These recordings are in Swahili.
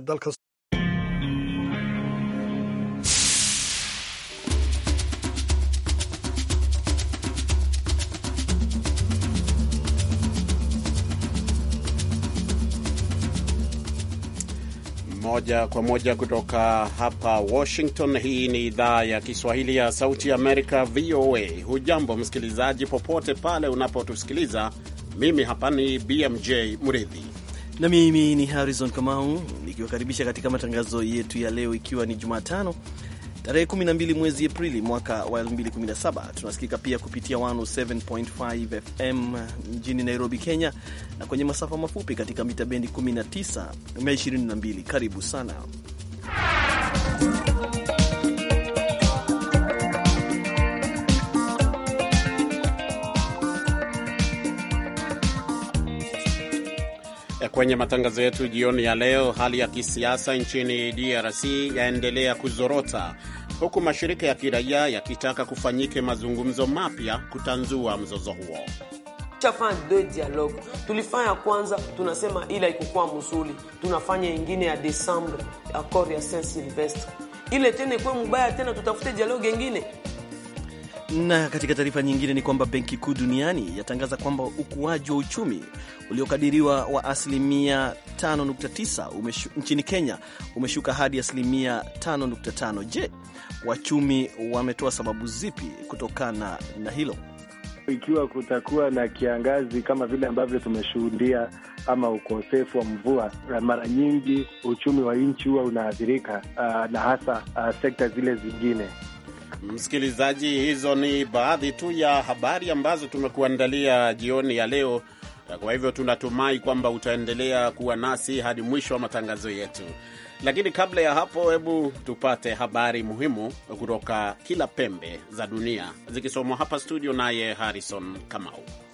Dalka... Moja kwa moja kutoka hapa Washington. Hii ni idhaa ya Kiswahili ya Sauti ya Amerika, VOA. Hujambo msikilizaji, popote pale unapotusikiliza. Mimi hapa ni BMJ Mridhi na mimi ni Harrison Kamau nikiwakaribisha katika matangazo yetu ya leo, ikiwa ni Jumatano tarehe 12 mwezi Aprili mwaka wa 2017. Tunasikika pia kupitia 107.5 FM mjini Nairobi, Kenya, na kwenye masafa mafupi katika mita bendi 19 na 22. Karibu sana Eh, kwenye matangazo yetu jioni ya leo, hali ya kisiasa nchini DRC yaendelea kuzorota huku mashirika ya kiraia yakitaka kufanyike mazungumzo mapya kutanzua mzozo huo. Tushafanya dialogue, tulifanya kwanza, tunasema ile ikokuwa mzuri, tunafanya ingine ya Desemba, akor ya Saint Silvestre ile tena ikuwe mubaya tena, tutafute dialogue ingine na katika taarifa nyingine ni kwamba Benki Kuu Duniani yatangaza kwamba ukuaji wa uchumi uliokadiriwa wa asilimia 5.9 nchini Kenya umeshuka hadi asilimia 5.5. Je, wachumi wametoa sababu zipi kutokana na hilo? Ikiwa kutakuwa na kiangazi kama vile ambavyo tumeshuhudia ama ukosefu wa mvua, mara nyingi uchumi wa nchi huwa unaathirika, ah, na hasa ah, sekta zile zingine Msikilizaji, hizo ni baadhi tu ya habari ambazo tumekuandalia jioni ya leo. Kwa hivyo tunatumai kwamba utaendelea kuwa nasi hadi mwisho wa matangazo yetu, lakini kabla ya hapo, hebu tupate habari muhimu kutoka kila pembe za dunia zikisomwa hapa studio, naye Harrison Kamau.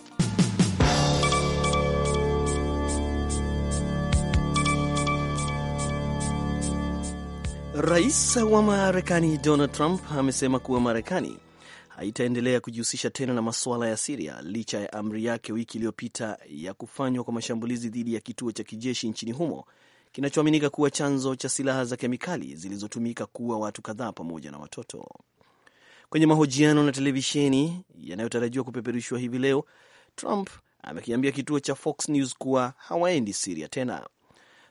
Rais wa Marekani Donald Trump amesema kuwa Marekani haitaendelea kujihusisha tena na masuala ya Siria licha ya amri yake wiki iliyopita ya kufanywa kwa mashambulizi dhidi ya kituo cha kijeshi nchini humo kinachoaminika kuwa chanzo cha silaha za kemikali zilizotumika kuua watu kadhaa pamoja na watoto. Kwenye mahojiano na televisheni yanayotarajiwa kupeperushwa hivi leo, Trump amekiambia kituo cha Fox News kuwa hawaendi Siria tena.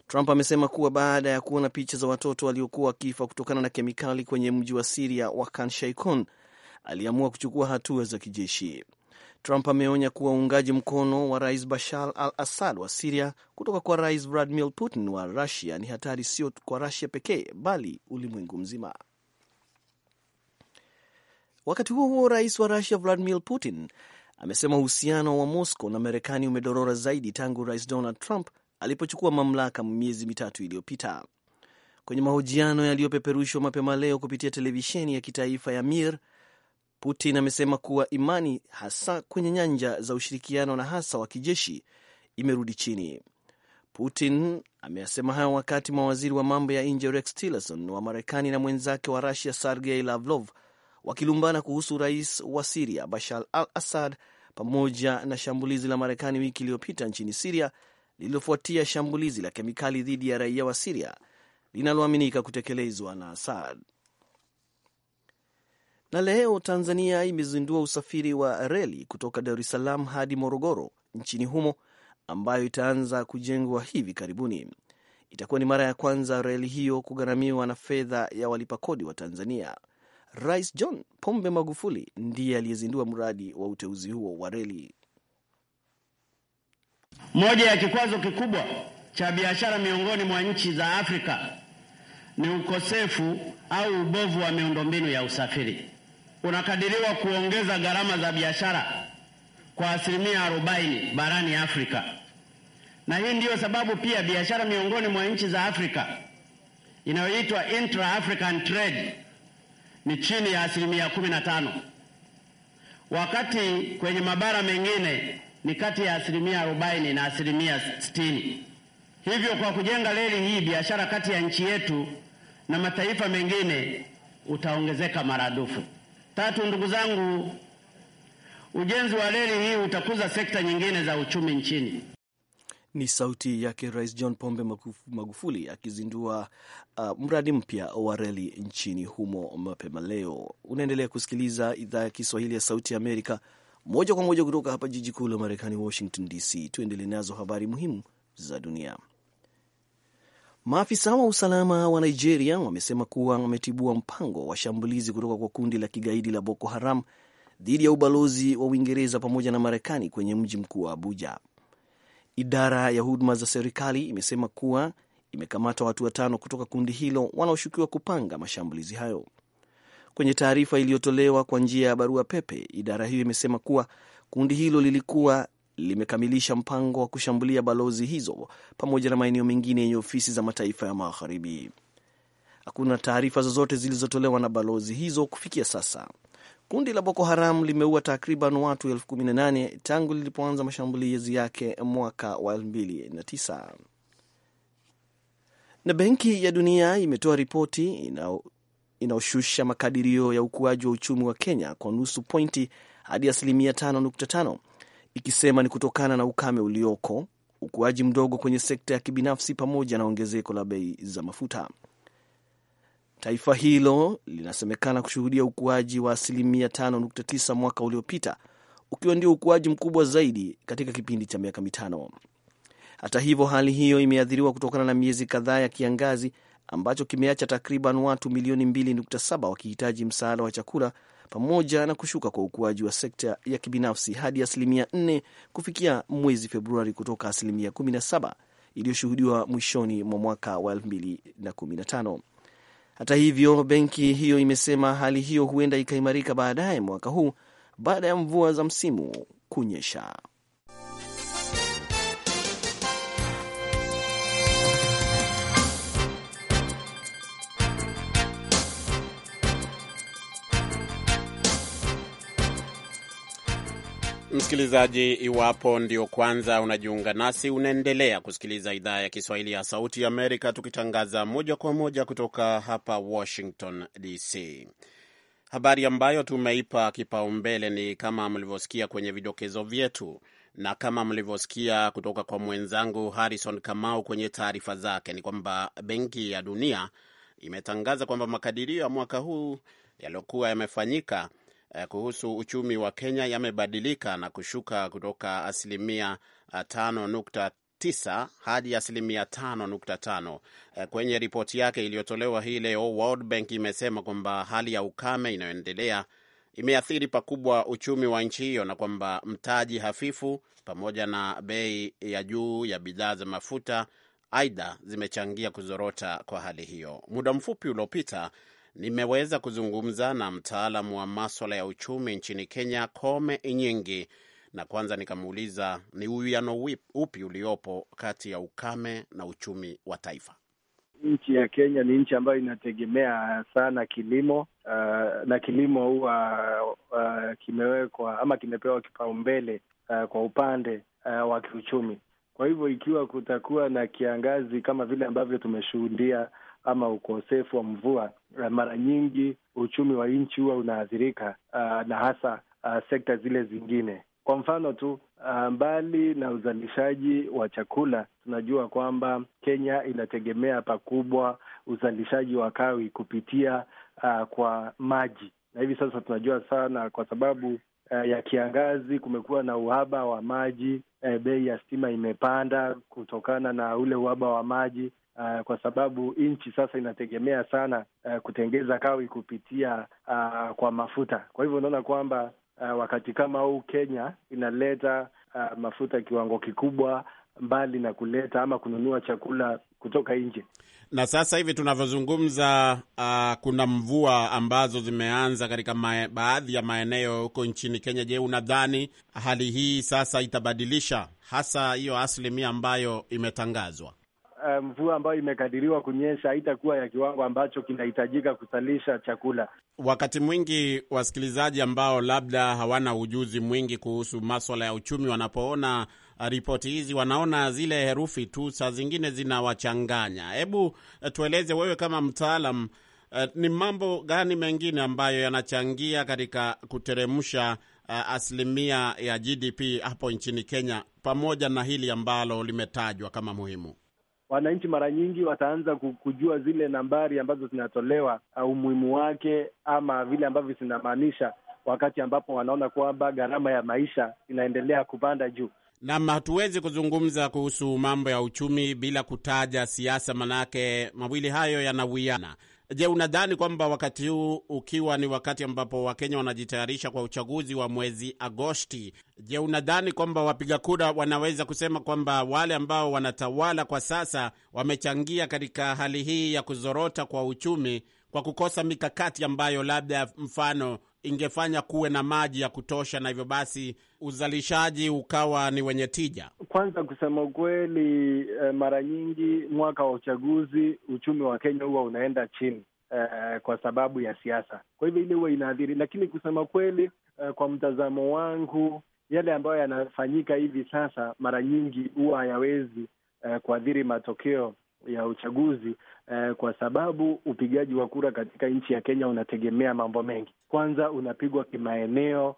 Trump amesema kuwa baada ya kuona picha za watoto waliokuwa wakifa kutokana na kemikali kwenye mji wa Siria wa Khan Sheikhoun aliamua kuchukua hatua za kijeshi. Trump ameonya kuwa uungaji mkono wa rais Bashar al Assad wa Siria kutoka kwa rais Vladimir Putin wa Rusia ni hatari sio kwa Rusia pekee bali ulimwengu mzima. Wakati huo huo, rais wa Rusia Vladimir Putin amesema uhusiano wa Moscow na Marekani umedorora zaidi tangu rais Donald Trump alipochukua mamlaka miezi mitatu iliyopita. Kwenye mahojiano yaliyopeperushwa mapema leo kupitia televisheni ya kitaifa ya Mir, Putin amesema kuwa imani hasa kwenye nyanja za ushirikiano na hasa wa kijeshi imerudi chini. Putin ameyasema hayo wakati mawaziri wa mambo ya nje Rex Tillerson wa Marekani na mwenzake wa Rusia Sergei Lavrov wakilumbana kuhusu rais wa Siria Bashar al Assad pamoja na shambulizi la Marekani wiki iliyopita nchini Siria lililofuatia shambulizi la kemikali dhidi ya raia wa Siria linaloaminika kutekelezwa na Assad. Na leo Tanzania imezindua usafiri wa reli kutoka Dar es Salaam hadi Morogoro nchini humo ambayo itaanza kujengwa hivi karibuni. Itakuwa ni mara ya kwanza reli hiyo kugharamiwa na fedha ya walipa kodi wa Tanzania. Rais John Pombe Magufuli ndiye aliyezindua mradi wa uteuzi huo wa reli. Moja ya kikwazo kikubwa cha biashara miongoni mwa nchi za Afrika ni ukosefu au ubovu wa miundombinu ya usafiri. Unakadiriwa kuongeza gharama za biashara kwa asilimia arobaini barani Afrika, na hii ndiyo sababu pia biashara miongoni mwa nchi za Afrika inayoitwa intra-African trade ni chini ya asilimia kumi na tano wakati kwenye mabara mengine ni kati ya asilimia arobaini na asilimia sitini. Hivyo kwa kujenga reli hii, biashara kati ya nchi yetu na mataifa mengine utaongezeka maradufu. Tatu, ndugu zangu, ujenzi wa reli hii utakuza sekta nyingine za uchumi nchini. Ni sauti yake Rais John Pombe Magufuli akizindua uh, mradi mpya wa reli nchini humo mapema leo. Unaendelea kusikiliza idhaa ya Kiswahili ya Sauti ya Amerika moja kwa moja kutoka hapa jiji kuu la Marekani, Washington DC. Tuendelee nazo habari muhimu za dunia. Maafisa wa usalama wa Nigeria wamesema kuwa wametibua mpango wa shambulizi kutoka kwa kundi la kigaidi la Boko Haram dhidi ya ubalozi wa Uingereza pamoja na Marekani kwenye mji mkuu wa Abuja. Idara ya huduma za serikali imesema kuwa imekamata watu watano kutoka kundi hilo wanaoshukiwa kupanga mashambulizi hayo. Kwenye taarifa iliyotolewa kwa njia ya barua pepe, idara hiyo imesema kuwa kundi hilo lilikuwa limekamilisha mpango wa kushambulia balozi hizo pamoja na maeneo mengine yenye ofisi za mataifa ya magharibi. Hakuna taarifa zozote zilizotolewa na balozi hizo kufikia sasa. Kundi la Boko Haram limeua takriban watu elfu kumi na nane tangu lilipoanza mashambulizi yake mwaka wa 2009. Na Benki ya Dunia imetoa ripoti inayoshusha makadirio ya ukuaji wa uchumi wa Kenya kwa nusu pointi hadi asilimia 5.5 ikisema ni kutokana na ukame ulioko, ukuaji mdogo kwenye sekta ya kibinafsi pamoja na ongezeko la bei za mafuta. Taifa hilo linasemekana kushuhudia ukuaji wa asilimia 5.9 mwaka uliopita, ukiwa ndio ukuaji mkubwa zaidi katika kipindi cha miaka mitano. Hata hivyo, hali hiyo imeathiriwa kutokana na miezi kadhaa ya kiangazi ambacho kimeacha takriban watu milioni 2.7 wakihitaji msaada wa chakula pamoja na kushuka kwa ukuaji wa sekta ya kibinafsi hadi asilimia 4 kufikia mwezi Februari kutoka asilimia 17 iliyoshuhudiwa mwishoni mwa mwaka wa 2015. Hata hivyo, benki hiyo imesema hali hiyo huenda ikaimarika baadaye mwaka huu baada ya mvua za msimu kunyesha. Msikilizaji, iwapo ndio kwanza unajiunga nasi, unaendelea kusikiliza idhaa ya Kiswahili ya Sauti ya Amerika, tukitangaza moja kwa moja kutoka hapa Washington DC. Habari ambayo tumeipa kipaumbele ni kama mlivyosikia kwenye vidokezo vyetu na kama mlivyosikia kutoka kwa mwenzangu Harrison Kamau kwenye taarifa zake, ni kwamba Benki ya Dunia imetangaza kwamba makadirio ya mwaka huu yaliyokuwa yamefanyika Eh, kuhusu uchumi wa Kenya yamebadilika na kushuka kutoka asilimia 5.9 eh, hadi asilimia 5.5. Eh, kwenye ripoti yake iliyotolewa hii leo, World Bank imesema kwamba hali ya ukame inayoendelea imeathiri pakubwa uchumi wa nchi hiyo na kwamba mtaji hafifu pamoja na bei ya juu ya bidhaa za mafuta aidha zimechangia kuzorota kwa hali hiyo. Muda mfupi uliopita nimeweza kuzungumza na mtaalamu wa maswala ya uchumi nchini Kenya, Kome Inyingi, na kwanza nikamuuliza ni uwiano upi uliopo kati ya ukame na uchumi wa taifa. Nchi ya Kenya ni nchi ambayo inategemea sana kilimo uh, na kilimo huwa uh, kimewekwa ama kimepewa kipaumbele uh, kwa upande uh, wa kiuchumi. Kwa hivyo ikiwa kutakuwa na kiangazi kama vile ambavyo tumeshuhudia ama ukosefu wa mvua, eh, mara nyingi uchumi wa nchi huwa unaathirika, uh, na hasa uh, sekta zile zingine. Kwa mfano tu uh, mbali na uzalishaji wa chakula, tunajua kwamba Kenya inategemea pakubwa uzalishaji wa kawi kupitia uh, kwa maji, na hivi sasa tunajua sana kwa sababu Uh, ya kiangazi kumekuwa na uhaba wa maji. Uh, bei ya stima imepanda kutokana na ule uhaba wa maji uh, kwa sababu nchi sasa inategemea sana uh, kutengeza kawi kupitia uh, kwa mafuta. Kwa hivyo unaona kwamba uh, wakati kama huu Kenya inaleta uh, mafuta kiwango kikubwa mbali na kuleta ama kununua chakula kutoka nje. Na sasa hivi tunavyozungumza, uh, kuna mvua ambazo zimeanza katika baadhi ya maeneo huko nchini Kenya. Je, unadhani hali hii sasa itabadilisha hasa hiyo asilimia ambayo imetangazwa? Eh, mvua ambayo imekadiriwa kunyesha haitakuwa ya kiwango ambacho kinahitajika kuzalisha chakula. Wakati mwingi wasikilizaji ambao labda hawana ujuzi mwingi kuhusu maswala ya uchumi, wanapoona eh, ripoti hizi wanaona zile herufi tu, saa zingine zinawachanganya. Hebu eh, tueleze wewe kama mtaalam, uh, ni mambo gani mengine ambayo yanachangia katika kuteremsha Uh, asilimia ya GDP hapo nchini Kenya pamoja na hili ambalo limetajwa kama muhimu wananchi mara nyingi wataanza kujua zile nambari ambazo zinatolewa, umuhimu wake ama vile ambavyo zinamaanisha, wakati ambapo wanaona kwamba gharama ya maisha inaendelea kupanda juu. Nam, hatuwezi kuzungumza kuhusu mambo ya uchumi bila kutaja siasa, manake mawili hayo yanawiana. Je, unadhani kwamba wakati huu ukiwa ni wakati ambapo Wakenya wanajitayarisha kwa uchaguzi wa mwezi Agosti, je, unadhani kwamba wapiga kura wanaweza kusema kwamba wale ambao wanatawala kwa sasa wamechangia katika hali hii ya kuzorota kwa uchumi kwa kukosa mikakati ambayo labda mfano ingefanya kuwe na maji ya kutosha, na hivyo basi uzalishaji ukawa ni wenye tija. Kwanza kusema ukweli, eh, mara nyingi mwaka wa uchaguzi uchumi wa Kenya huwa unaenda chini eh, kwa sababu ya siasa. Kwa hivyo ile huwa inaathiri, lakini kusema kweli eh, kwa mtazamo wangu yale ambayo yanafanyika hivi sasa mara nyingi huwa hayawezi eh, kuathiri matokeo ya uchaguzi eh, kwa sababu upigaji wa kura katika nchi ya Kenya unategemea mambo mengi. Kwanza unapigwa kimaeneo,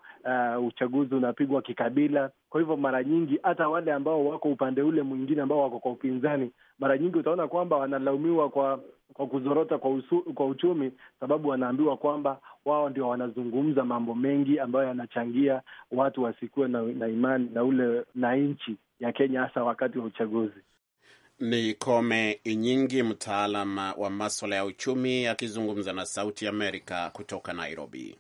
uh, uchaguzi unapigwa kikabila. Kwa hivyo mara nyingi hata wale ambao wako upande ule mwingine ambao wako kwa upinzani, mara nyingi utaona kwamba wanalaumiwa kwa kwa kuzorota kwa, usu, kwa uchumi, sababu wanaambiwa kwamba wao ndio wanazungumza mambo mengi ambayo yanachangia watu wasikuwe na, na imani na ule na nchi ya Kenya hasa wakati wa uchaguzi. Ni Kome Inyingi, mtaalam wa maswala ya uchumi, akizungumza na Sauti Amerika kutoka Nairobi.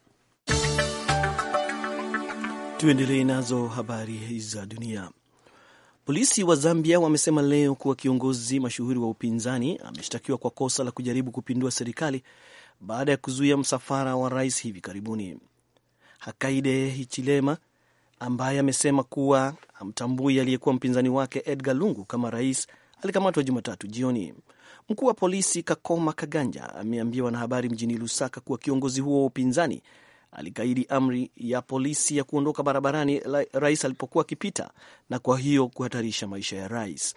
Tuendelee nazo habari za dunia. Polisi wa Zambia wamesema leo kuwa kiongozi mashuhuri wa upinzani ameshtakiwa kwa kosa la kujaribu kupindua serikali baada ya kuzuia msafara wa rais hivi karibuni. Hakainde Hichilema ambaye amesema kuwa hamtambui aliyekuwa mpinzani wake Edgar Lungu kama rais alikamatwa Jumatatu jioni. Mkuu wa polisi Kakoma Kaganja ameambia wanahabari mjini Lusaka kuwa kiongozi huo wa upinzani alikaidi amri ya polisi ya kuondoka barabarani rais alipokuwa akipita na kwa hiyo kuhatarisha maisha ya rais.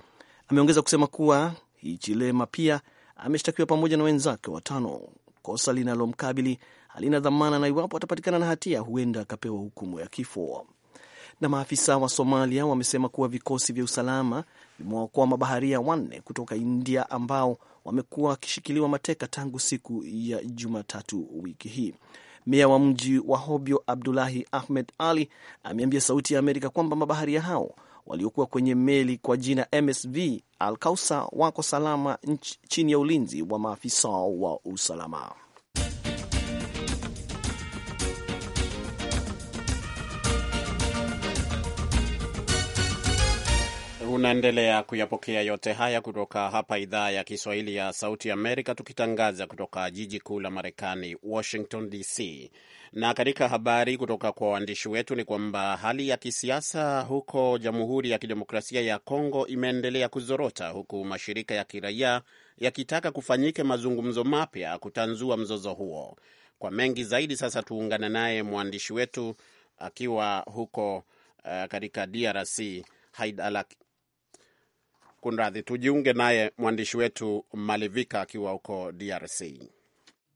Ameongeza kusema kuwa Hichilema pia ameshtakiwa pamoja na wenzake watano. Kosa linalomkabili halina dhamana na iwapo atapatikana na hatia huenda akapewa hukumu ya kifo na maafisa wa Somalia wamesema kuwa vikosi vya usalama vimewaokoa mabaharia wanne kutoka India ambao wamekuwa wakishikiliwa mateka tangu siku ya Jumatatu wiki hii. Meya wa mji wa Hobyo Abdulahi Ahmed Ali ameambia Sauti ya Amerika kwamba mabaharia hao waliokuwa kwenye meli kwa jina MSV Alkausa wako salama chini ya ulinzi wa maafisa wa usalama. Unaendelea kuyapokea yote haya kutoka hapa idhaa ya Kiswahili ya Sauti Amerika, tukitangaza kutoka jiji kuu la Marekani, Washington DC. Na katika habari kutoka kwa waandishi wetu ni kwamba hali ya kisiasa huko Jamhuri ya Kidemokrasia ya Kongo imeendelea kuzorota, huku mashirika ya kiraia yakitaka kufanyike mazungumzo mapya kutanzua mzozo huo. Kwa mengi zaidi, sasa tuungane naye mwandishi wetu akiwa huko uh, katika DRC Haidala Kunradhi, tujiunge naye mwandishi wetu Malivika akiwa huko DRC.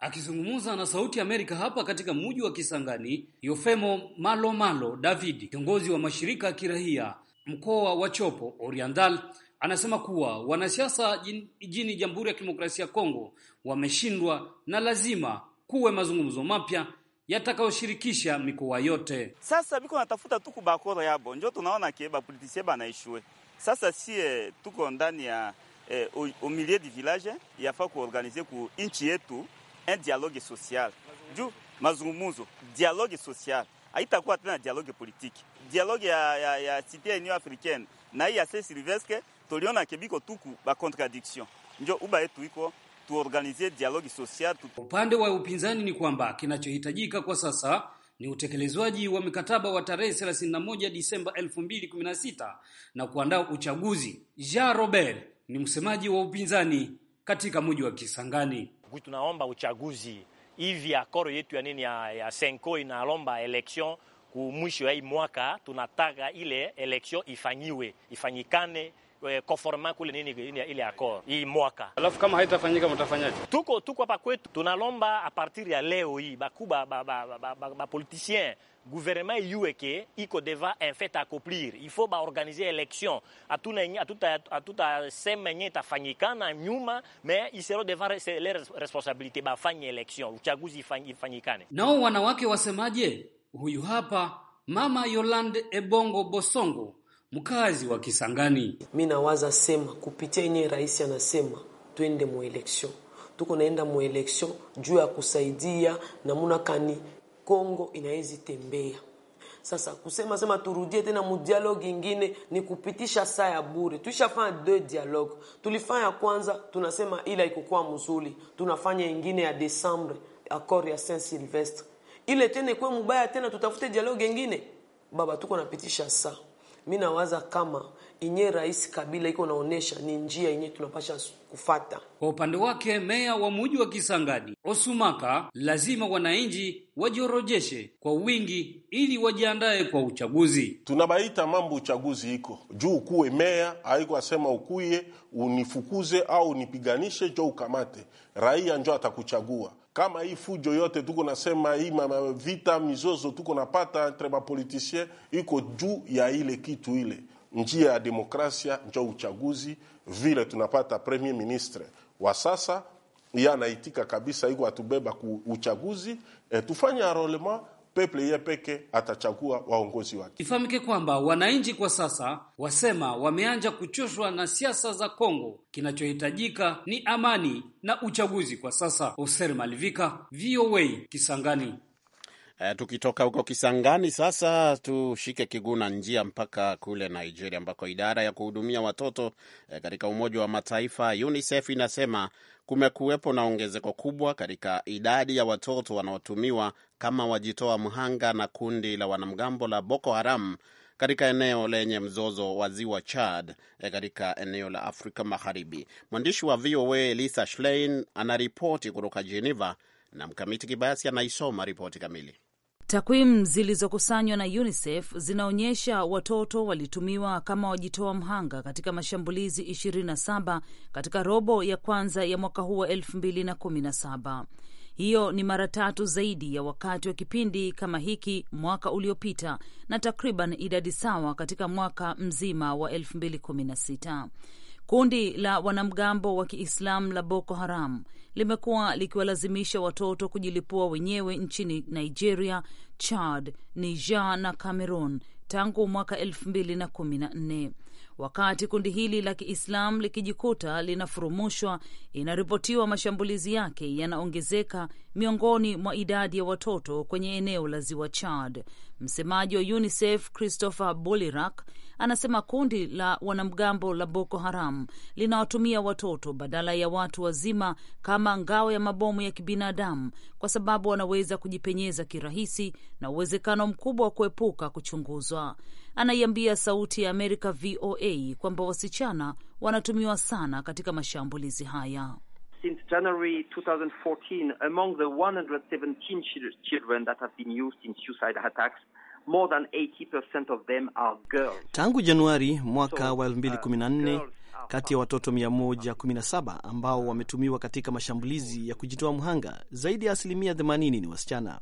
Akizungumza na Sauti ya Amerika hapa katika muji wa Kisangani, Yofemo Malomalo Davidi, kiongozi wa mashirika ya kirahia mkoa wa Chopo Oriental, anasema kuwa wanasiasa jini Jamhuri ya Kidemokrasia ya Kongo wameshindwa na lazima kuwe mazungumzo mapya yatakayoshirikisha mikoa yote. Sasa biko natafuta tu kubakoro yabo, njo tunaona ke bapolitisie banaishue sasa sie eh, tuko ndani ya eh, omilie di village yafaa kuorganize ku nchi yetu un dialogue social juu mazungumuzo, dialogue social haitakuwa tena dialogue politiki, dialogue ya, ya, ya cité ya Union Africaine na hii ya se silveske tuliona kebiko tuku ba contradiction njo uba yetu iko tuorganize dialogue social. Upande wa upinzani ni kwamba kinachohitajika kwa sasa ni utekelezwaji wa mkataba wa tarehe 31 Disemba 2016 na kuandaa uchaguzi. Jean Robert ni msemaji wa upinzani katika mji wa Kisangani. Tunaomba uchaguzi hivi, akoro yetu ya nini ya, ya senko inalomba election kumwisho ya hii mwaka, tunataka ile election ifanyiwe ifanyikane Eh, conforma kule nini ile accord hii mwaka. Alafu kama haitafanyika mtafanyaje? Tuko tuko hapa kwetu, tunalomba a partir ya leo hii bakuba ba, ba, ba, ba, ba, ba politicien gouvernement yueke iko deva un fait accomplir, il faut baorganize election atuta sehemu yenye itafanyikana nyuma me isero deva le ba bafanye election, uchaguzi ifanyikane. Nao wanawake wasemaje? Huyu hapa Mama Yolande Ebongo Bosongo mkazi wa Kisangani. Mi nawaza sema kupitia yenye rais anasema twende mueleksio, tuko naenda mueleksio juu ya kusaidia namuna kani Kongo inawezi tembea. Sasa kusema sema turudie tena mudialogue ingine ni kupitisha saa ya bure. Tulishafanya deux dialogue, tulifanya kwanza, tunasema ile ikokuwa mzuri, tunafanya ingine ya Desembre accord ya Saint Sylvestre, ile tena ikuwe mubaya tena, tutafute dialogue ingine. Baba, tuko napitisha saa mi nawaza kama inye Rais Kabila iko naonesha ni njia yenye tunapasha kufata. Kwa upande wake, meya wa muji wa Kisangani Osumaka, lazima wananchi wajiorojeshe kwa wingi ili wajiandae kwa uchaguzi. Tunabaita mambo uchaguzi iko juu, ukuwe meya aiko asema ukuye unifukuze au unipiganishe jo ukamate raia njo atakuchagua kama hii fujo yote tuko nasema hii vita mizozo tuko napata entre politiciens iko juu ya ile kitu ile njia ya demokrasia njo uchaguzi. Vile tunapata premier ministre wa sasa, yanaitika kabisa iko atubeba ku uchaguzi e, tufanye arolema peple ye peke atachagua waongozi wake. Ifahamike kwamba wananchi kwa sasa wasema wameanja kuchoshwa na siasa za Kongo. Kinachohitajika ni amani na uchaguzi kwa sasa. oser Malivika, VOA Kisangani. E, tukitoka huko Kisangani sasa tushike kiguna njia mpaka kule Nigeria ambako idara ya kuhudumia watoto e, katika Umoja wa Mataifa UNICEF inasema kumekuwepo na ongezeko kubwa katika idadi ya watoto wanaotumiwa kama wajitoa mhanga na kundi la wanamgambo la Boko Haram katika eneo lenye mzozo wa ziwa Chad eh, katika eneo la Afrika Magharibi. Mwandishi wa VOA Elisa Schlein anaripoti kutoka Geneva na Mkamiti Kibayasi anaisoma ripoti kamili. Takwimu zilizokusanywa na UNICEF zinaonyesha watoto walitumiwa kama wajitoa mhanga katika mashambulizi 27 katika robo ya kwanza ya mwaka huu wa 2017. Hiyo ni mara tatu zaidi ya wakati wa kipindi kama hiki mwaka uliopita na takriban idadi sawa katika mwaka mzima wa 2016. Kundi la wanamgambo wa Kiislamu la Boko Haram limekuwa likiwalazimisha watoto kujilipua wenyewe nchini Nigeria, Chad, Niger na Cameroon tangu mwaka elfu mbili na kumi na nne. Wakati kundi hili la Kiislamu likijikuta linafurumushwa, inaripotiwa mashambulizi yake yanaongezeka miongoni mwa idadi ya watoto kwenye eneo la ziwa Chad. Msemaji wa UNICEF Christopher Bolirak anasema kundi la wanamgambo la Boko Haram linawatumia watoto badala ya watu wazima kama ngao ya mabomu ya kibinadamu, kwa sababu wanaweza kujipenyeza kirahisi na uwezekano mkubwa wa kuepuka kuchunguzwa. Anaiambia Sauti ya Amerika VOA kwamba wasichana wanatumiwa sana katika mashambulizi haya since January 2014, among the 117 children that have been used in suicide attacks, more than 80% of them are girls. Tangu Januari mwaka wa 2014 uh, kati ya watoto 117 ambao wametumiwa katika mashambulizi ya kujitoa mhanga, zaidi ya asilimia 80 ni wasichana.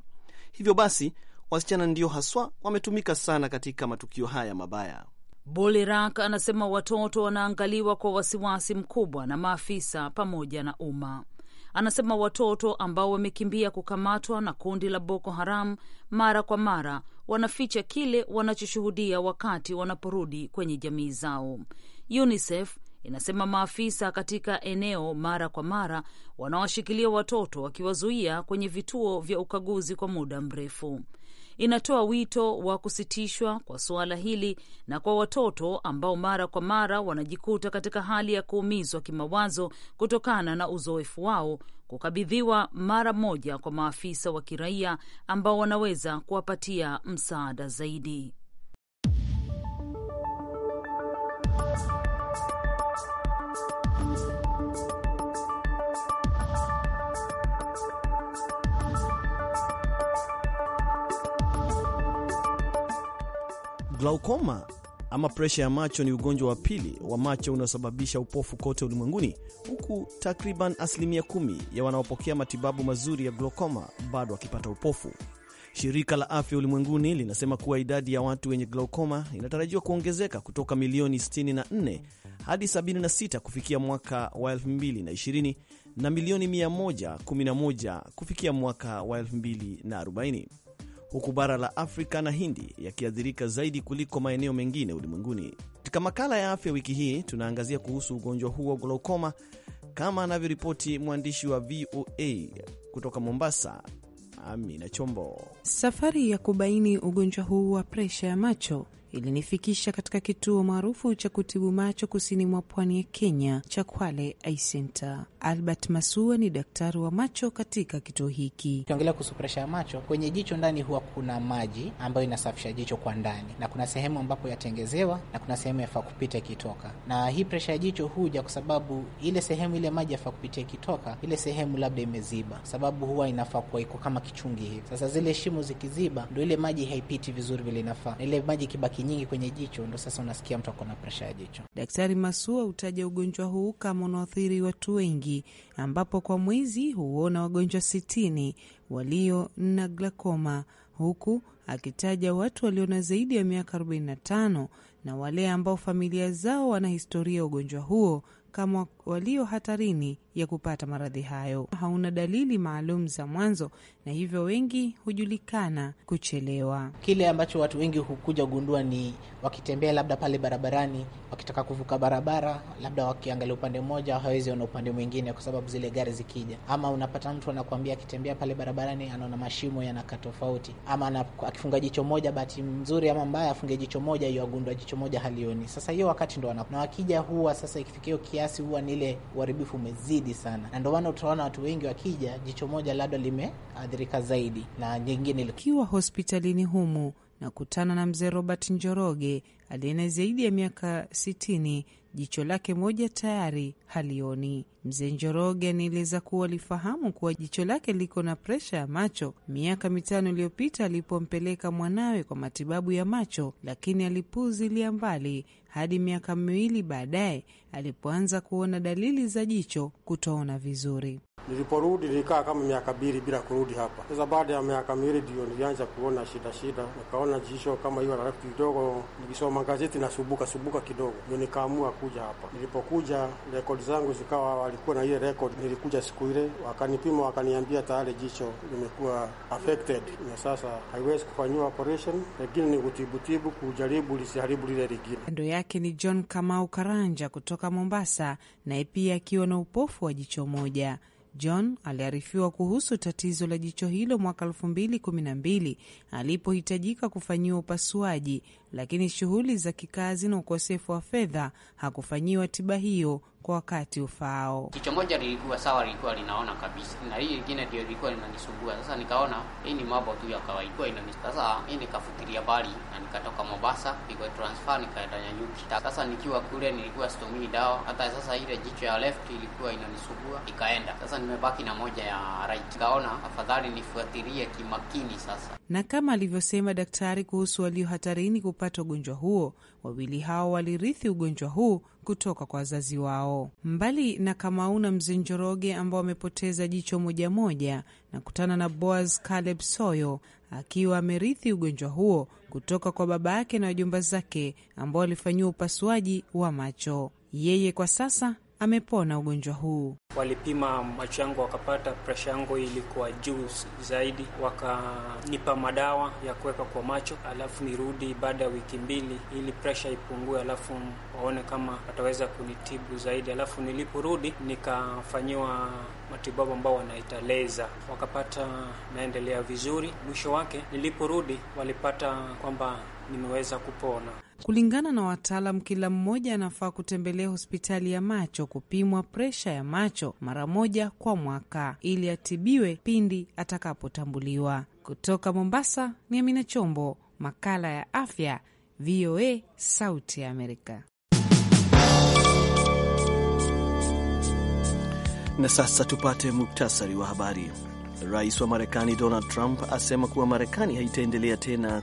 Hivyo basi, wasichana ndio haswa wametumika sana katika matukio haya mabaya. Bulirak anasema watoto wanaangaliwa kwa wasiwasi mkubwa na maafisa pamoja na umma. Anasema watoto ambao wamekimbia kukamatwa na kundi la Boko Haram mara kwa mara wanaficha kile wanachoshuhudia wakati wanaporudi kwenye jamii zao. UNICEF inasema maafisa katika eneo mara kwa mara wanawashikilia watoto wakiwazuia kwenye vituo vya ukaguzi kwa muda mrefu inatoa wito wa kusitishwa kwa suala hili na kwa watoto ambao mara kwa mara wanajikuta katika hali ya kuumizwa kimawazo kutokana na uzoefu wao kukabidhiwa mara moja kwa maafisa wa kiraia ambao wanaweza kuwapatia msaada zaidi. glaucoma ama presha ya macho ni ugonjwa wa pili wa macho unaosababisha upofu kote ulimwenguni, huku takriban asilimia kumi ya wanaopokea matibabu mazuri ya glaucoma bado wakipata upofu. Shirika la Afya Ulimwenguni linasema kuwa idadi ya watu wenye glaucoma inatarajiwa kuongezeka kutoka milioni 64 hadi 76 kufikia mwaka wa 2020 na milioni 111 kufikia mwaka wa 2040 huku bara la Afrika na Hindi yakiathirika zaidi kuliko maeneo mengine ulimwenguni. Katika makala ya afya wiki hii tunaangazia kuhusu ugonjwa huu wa glaukoma kama anavyoripoti mwandishi wa VOA kutoka Mombasa, Amina Chombo. Safari ya kubaini ugonjwa huu wa presha ya macho ilinifikisha katika kituo maarufu cha kutibu macho kusini mwa pwani ya Kenya cha Kwale Eye Center. Albert Masua ni daktari wa macho katika kituo hiki. Ukiongelea kuhusu presha ya macho kwenye jicho ndani, huwa kuna maji ambayo inasafisha jicho kwa ndani, na kuna sehemu ambapo yatengezewa na kuna sehemu yafaa kupita ikitoka, na hii presha ya jicho huja kwa sababu ile sehemu ile maji yafaa kupitia ikitoka, ile sehemu labda imeziba, sababu huwa inafaa kuwa iko kama kichungi hivi. Sasa zile shimo zikiziba, ndo ile maji haipiti vizuri vile inafaa, na ile maji ikibaki plastiki nyingi kwenye jicho, ndo sasa unasikia mtu ako na presha ya jicho. Daktari Masua hutaja ugonjwa huu kama unaathiri watu wengi, ambapo kwa mwezi huona wagonjwa sitini walio na glakoma huku akitaja watu walio na zaidi ya miaka 45 na wale ambao familia zao wana historia ya ugonjwa huo kama walio hatarini ya kupata maradhi hayo. Hauna dalili maalum za mwanzo, na hivyo wengi hujulikana kuchelewa. Kile ambacho watu wengi hukuja gundua ni wakitembea labda pale barabarani, wakitaka kuvuka barabara, labda wakiangalia upande mmoja hawezi ona upande mwingine, kwa sababu zile gari zikija. Ama unapata mtu anakuambia akitembea pale barabarani anaona mashimo yanakaa tofauti, ama akifunga jicho moja, bahati mzuri ama mbaya, afunge jicho moja, hiyo agundua jicho moja halioni. Sasa hiyo wakati ndo na wakija, huwa sasa ikifikia kiasi, huwa ni ile uharibifu umezidi zaidi sana, na ndio maana utaona watu wengi wakija, jicho moja labda limeathirika zaidi na nyingine. Ikiwa hospitalini humu nakutana na mzee Robert Njoroge aliye na zaidi ya miaka sitini, jicho lake moja tayari halioni. Mzee Njoroge anaeleza kuwa alifahamu kuwa jicho lake liko na presha ya macho miaka mitano iliyopita alipompeleka mwanawe kwa matibabu ya macho, lakini alipuuzilia mbali hadi miaka miwili baadaye alipoanza kuona dalili za jicho kutoona vizuri. Niliporudi nilikaa kama miaka mbili bila kurudi hapa. Sasa baada ya miaka miwili ndio nilianza kuona shida shida, nikaona jicho kama hiyo halafu kidogo nikisoma magazeti nasumbuka subuka kidogo, ndio nikaamua kuja hapa. Nilipokuja rekodi zangu zikawa, walikuwa na ile rekodi. Nilikuja siku ile wakanipima, wakaniambia tayari jicho limekuwa affected na sasa haiwezi kufanyiwa operation, lakini ni kutibutibu, kujaribu lisiharibu lile lingine. Kando yake ni John Kamau Karanja kutoka Mombasa, naye pia akiwa na upofu wa jicho moja. John aliarifiwa kuhusu tatizo la jicho hilo mwaka elfu mbili kumi na mbili alipohitajika kufanyiwa upasuaji lakini shughuli za kikazi na ukosefu wa fedha hakufanyiwa tiba hiyo kwa wakati ufaao. Jicho moja lilikuwa sawa, lilikuwa linaona kabisa, na hii ingine ndio ilikuwa linanisumbua. Sasa nikaona hii ni mambo tu ya kawaida Sasa hii nikafikiria bali, na nikatoka Mombasa, niko transfer nikaenda Nanyuki. Sasa nikiwa kule nilikuwa situmii dawa hata sasa, ile jicho ya left ilikuwa inanisumbua ikaenda. Sasa nimebaki na moja ya right, nikaona afadhali nifuatilie kimakini. Sasa na kama alivyosema daktari kuhusu walio hatarini kupata ugonjwa huo. Wawili hao walirithi ugonjwa huu kutoka kwa wazazi wao. Mbali na Kamau na Mzee Njoroge ambao wamepoteza jicho moja moja, na kutana na Boaz Caleb Soyo akiwa amerithi ugonjwa huo kutoka kwa baba yake na wajomba zake ambao walifanyiwa upasuaji wa macho. Yeye kwa sasa amepona ugonjwa huu. Walipima macho yangu wakapata presha yangu ilikuwa juu zaidi, wakanipa madawa ya kuweka kwa macho, alafu nirudi baada ya wiki mbili ili presha ipungue, alafu waone kama wataweza kunitibu zaidi. Alafu niliporudi nikafanyiwa matibabu ambao wanaita leza, wakapata naendelea vizuri. Mwisho wake niliporudi walipata kwamba nimeweza kupona. Kulingana na wataalam, kila mmoja anafaa kutembelea hospitali ya macho kupimwa presha ya macho mara moja kwa mwaka ili atibiwe pindi atakapotambuliwa. Kutoka Mombasa ni Amina Chombo, makala ya afya, VOA, Sauti ya Amerika. Na sasa tupate muktasari wa habari. Rais wa Marekani Donald Trump asema kuwa Marekani haitaendelea tena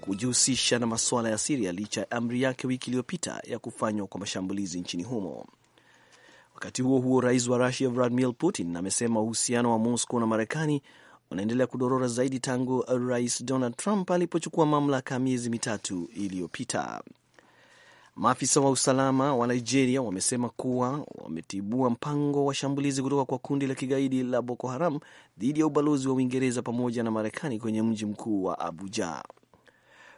kujihusisha na masuala ya Siria licha ya amri yake wiki iliyopita ya kufanywa kwa mashambulizi nchini humo. Wakati huo huo, rais wa Rusia Vladimir Putin amesema uhusiano wa Moscow na Marekani unaendelea kudorora zaidi tangu rais Donald Trump alipochukua mamlaka miezi mitatu iliyopita. Maafisa wa usalama wa Nigeria wamesema kuwa wametibua mpango wa shambulizi kutoka kwa kundi la kigaidi la Boko Haram dhidi ya ubalozi wa Uingereza pamoja na Marekani kwenye mji mkuu wa Abuja.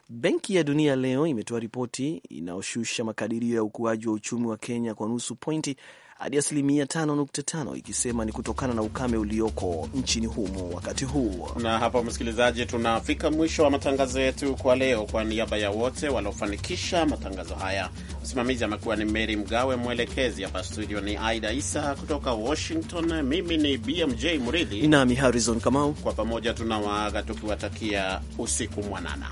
Benki ya Dunia leo imetoa ripoti inayoshusha makadirio ya ukuaji wa uchumi wa Kenya kwa nusu pointi hadi asilimia 5.5 ikisema ni kutokana na ukame ulioko nchini humo wakati huu. Na hapa, msikilizaji, tunafika mwisho wa matangazo yetu kwa leo. Kwa niaba ya wote waliofanikisha matangazo haya, msimamizi amekuwa ni Mary Mgawe, mwelekezi hapa studio ni Aida Isa kutoka Washington. Mimi ni BMJ Muridhi nami Harrison Kamau, kwa pamoja tunawaaga tukiwatakia usiku mwanana.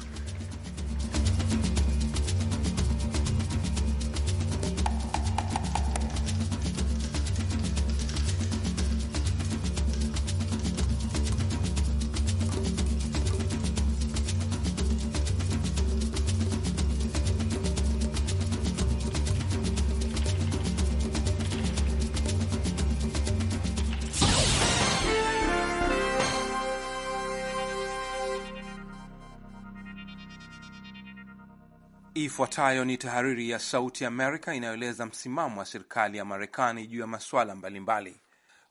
Ifuatayo ni tahariri ya Sauti Amerika inayoeleza msimamo wa serikali ya Marekani juu ya masuala mbalimbali.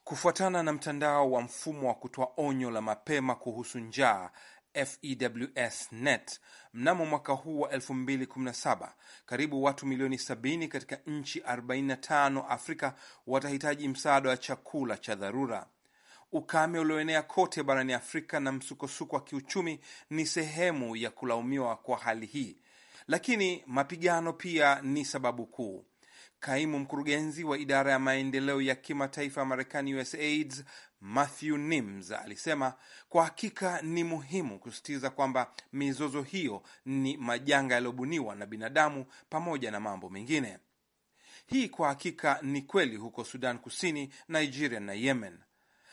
Kufuatana na mtandao wa mfumo wa kutoa onyo la mapema kuhusu njaa FEWSnet, mnamo mwaka huu wa 2017 karibu watu milioni 70 katika nchi 45 Afrika watahitaji msaada wa chakula cha dharura. Ukame ulioenea kote barani Afrika na msukosuko wa kiuchumi ni sehemu ya kulaumiwa kwa hali hii lakini mapigano pia ni sababu kuu. Kaimu mkurugenzi wa idara ya maendeleo ya kimataifa ya Marekani, USAIDS, Matthew Nims alisema kwa hakika ni muhimu kusisitiza kwamba mizozo hiyo ni majanga yaliyobuniwa na binadamu pamoja na mambo mengine. Hii kwa hakika ni kweli huko Sudan Kusini, Nigeria na Yemen.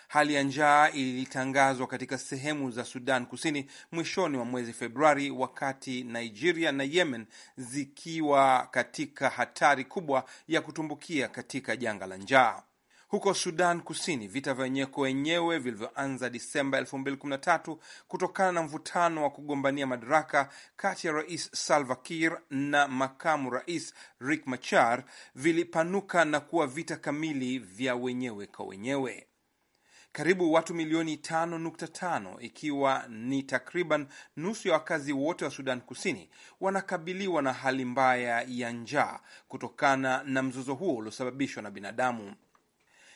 Hali ya njaa ilitangazwa katika sehemu za Sudan Kusini mwishoni mwa mwezi Februari, wakati Nigeria na Yemen zikiwa katika hatari kubwa ya kutumbukia katika janga la njaa. Huko Sudan Kusini, vita vya wenyewe kwa wenyewe vilivyoanza Disemba 2013 kutokana na mvutano wa kugombania madaraka kati ya Rais Salva Kiir na makamu rais Riek Machar vilipanuka na kuwa vita kamili vya wenyewe kwa wenyewe karibu watu milioni 5.5 ikiwa ni takriban nusu ya wakazi wote wa Sudan Kusini wanakabiliwa na hali mbaya ya njaa kutokana na mzozo huo uliosababishwa na binadamu.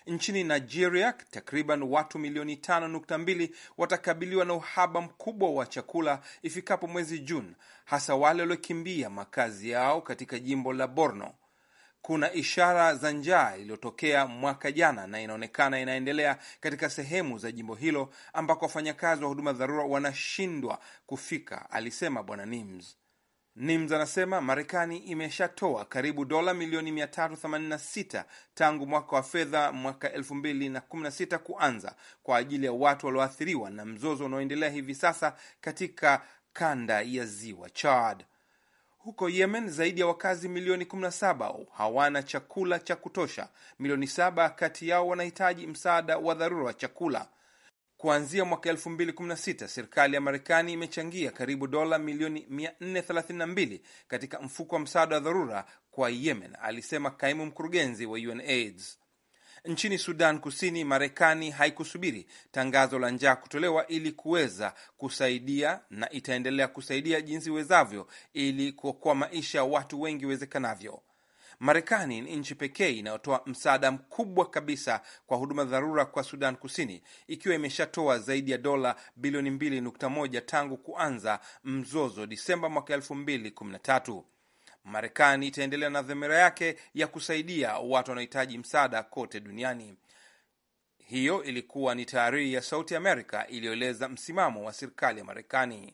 Nchini Nigeria takriban watu milioni 5.2 watakabiliwa na uhaba mkubwa wa chakula ifikapo mwezi Juni, hasa wale waliokimbia makazi yao katika jimbo la Borno kuna ishara za njaa iliyotokea mwaka jana na inaonekana inaendelea katika sehemu za jimbo hilo ambako wafanyakazi wa huduma dharura wanashindwa kufika, alisema Bwana Nims. Nims anasema Marekani imeshatoa karibu dola milioni 386 tangu mwaka wa fedha mwaka 2016 kuanza kwa ajili ya watu walioathiriwa na mzozo unaoendelea hivi sasa katika kanda ya ziwa Chad. Huko Yemen zaidi ya wakazi milioni 17 hawana chakula cha kutosha. Milioni saba kati yao wanahitaji msaada wa dharura wa chakula. Kuanzia mwaka 2016 serikali ya Marekani imechangia karibu dola milioni 432 katika mfuko wa msaada wa dharura kwa Yemen, alisema kaimu mkurugenzi wa UNAIDS. Nchini Sudan Kusini, Marekani haikusubiri tangazo la njaa kutolewa ili kuweza kusaidia na itaendelea kusaidia jinsi iwezavyo ili kuokoa maisha ya watu wengi iwezekanavyo. Marekani ni nchi pekee inayotoa msaada mkubwa kabisa kwa huduma dharura kwa Sudan Kusini, ikiwa imeshatoa zaidi ya dola bilioni 2.1 tangu kuanza mzozo Disemba mwaka 2013. Marekani itaendelea na dhamira yake ya kusaidia watu wanaohitaji msaada kote duniani. Hiyo ilikuwa ni tahariri ya Sauti Amerika iliyoeleza msimamo wa serikali ya Marekani.